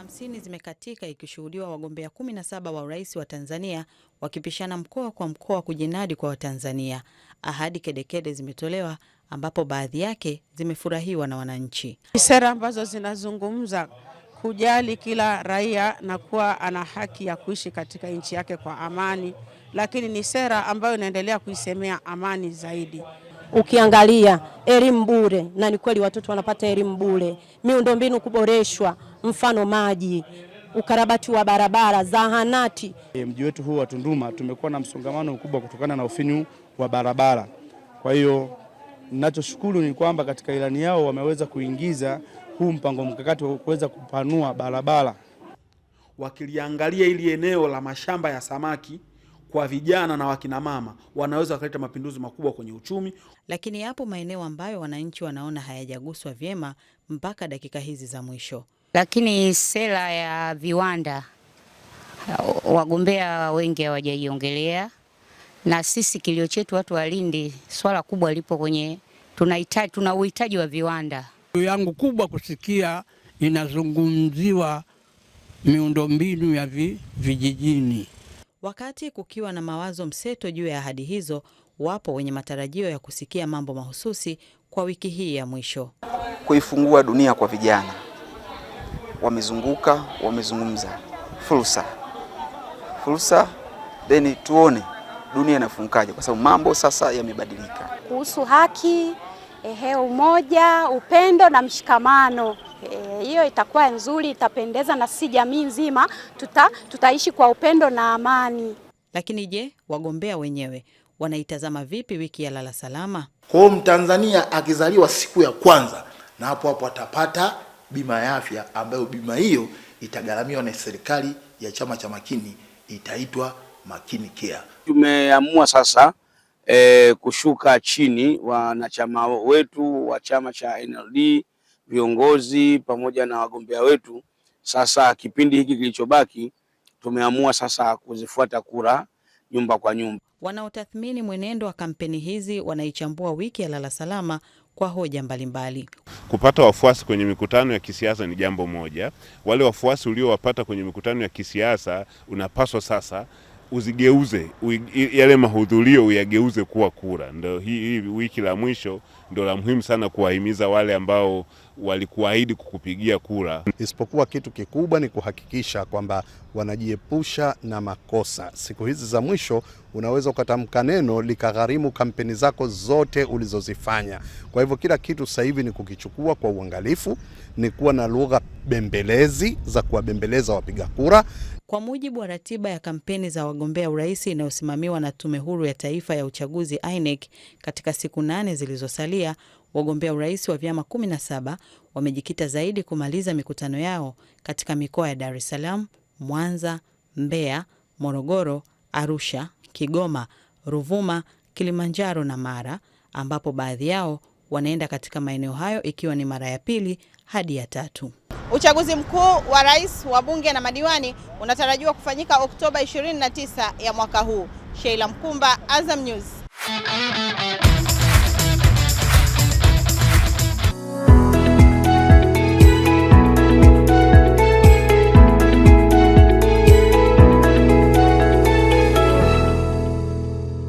hamsini zimekatika ikishuhudiwa wagombea 17 wa urais wa Tanzania wakipishana mkoa kwa mkoa kujinadi kwa Watanzania. Ahadi kedekede zimetolewa ambapo baadhi yake zimefurahiwa na wananchi. Sera ambazo zinazungumza kujali kila raia na kuwa ana haki ya kuishi katika nchi yake kwa amani, lakini ni sera ambayo inaendelea kuisemea amani zaidi. Ukiangalia elimu bure, na ni kweli watoto wanapata elimu bure, miundombinu kuboreshwa mfano maji, ukarabati wa barabara, zahanati. Mji wetu huu wa Tunduma tumekuwa na msongamano mkubwa kutokana na ufinyu wa barabara. Kwa hiyo ninachoshukuru ni kwamba katika ilani yao wameweza kuingiza huu mpango mkakati wa kuweza kupanua barabara, wakiliangalia ili eneo la mashamba ya samaki kwa vijana na wakina mama wanaweza wakaleta mapinduzi makubwa kwenye uchumi. Lakini yapo maeneo ambayo wananchi wanaona hayajaguswa vyema mpaka dakika hizi za mwisho. Lakini sera ya viwanda wagombea wengi hawajaiongelea, na sisi kilio chetu watu wa Lindi, swala kubwa lipo kwenye tunahitaji, tuna uhitaji wa viwanda. yangu kubwa kusikia inazungumziwa miundombinu ya vi, vijijini. Wakati kukiwa na mawazo mseto juu ya ahadi hizo, wapo wenye matarajio ya kusikia mambo mahususi kwa wiki hii ya mwisho, kuifungua dunia kwa vijana wamezunguka, wamezungumza fursa, fursa, then tuone dunia inafunkaje, kwa sababu mambo sasa yamebadilika kuhusu haki, ehe, umoja, upendo na mshikamano hiyo itakuwa nzuri, itapendeza na si jamii nzima tuta, tutaishi kwa upendo na amani. Lakini je, wagombea wenyewe wanaitazama vipi wiki ya lala salama? Kwa hiyo Mtanzania akizaliwa siku ya kwanza na hapo hapo atapata bima ya afya ambayo bima hiyo itagharamiwa na serikali ya chama cha Makini, itaitwa Makini Care. Tumeamua sasa e, kushuka chini wanachama wetu wa chama cha NLD viongozi pamoja na wagombea wetu. Sasa kipindi hiki kilichobaki tumeamua sasa kuzifuata kura nyumba kwa nyumba. Wanaotathmini mwenendo wa kampeni hizi wanaichambua wiki ya Lala Salama kwa hoja mbalimbali mbali. Kupata wafuasi kwenye mikutano ya kisiasa ni jambo moja, wale wafuasi uliowapata kwenye mikutano ya kisiasa unapaswa sasa uzigeuze yale mahudhurio uyageuze kuwa kura. Ndo hii hi, wiki la mwisho ndo la muhimu sana kuwahimiza wale ambao walikuahidi kukupigia kura. Isipokuwa kitu kikubwa ni kuhakikisha kwamba wanajiepusha na makosa. Siku hizi za mwisho unaweza ukatamka neno likagharimu kampeni zako zote ulizozifanya. Kwa hivyo kila kitu sasa hivi ni kukichukua kwa uangalifu, ni kuwa na lugha bembelezi za kuwabembeleza wapiga kura kwa mujibu wa ratiba ya kampeni za wagombea urais inayosimamiwa na Tume Huru ya Taifa ya Uchaguzi INEC, katika siku nane zilizosalia, wagombea urais wa vyama 17 wamejikita zaidi kumaliza mikutano yao katika mikoa ya Dar es Salaam, Mwanza, Mbeya, Morogoro, Arusha, Kigoma, Ruvuma, Kilimanjaro na Mara, ambapo baadhi yao wanaenda katika maeneo hayo ikiwa ni mara ya pili hadi ya tatu. Uchaguzi mkuu wa rais, wabunge na madiwani unatarajiwa kufanyika Oktoba 29 ya mwaka huu. Sheila Mkumba, Azam News.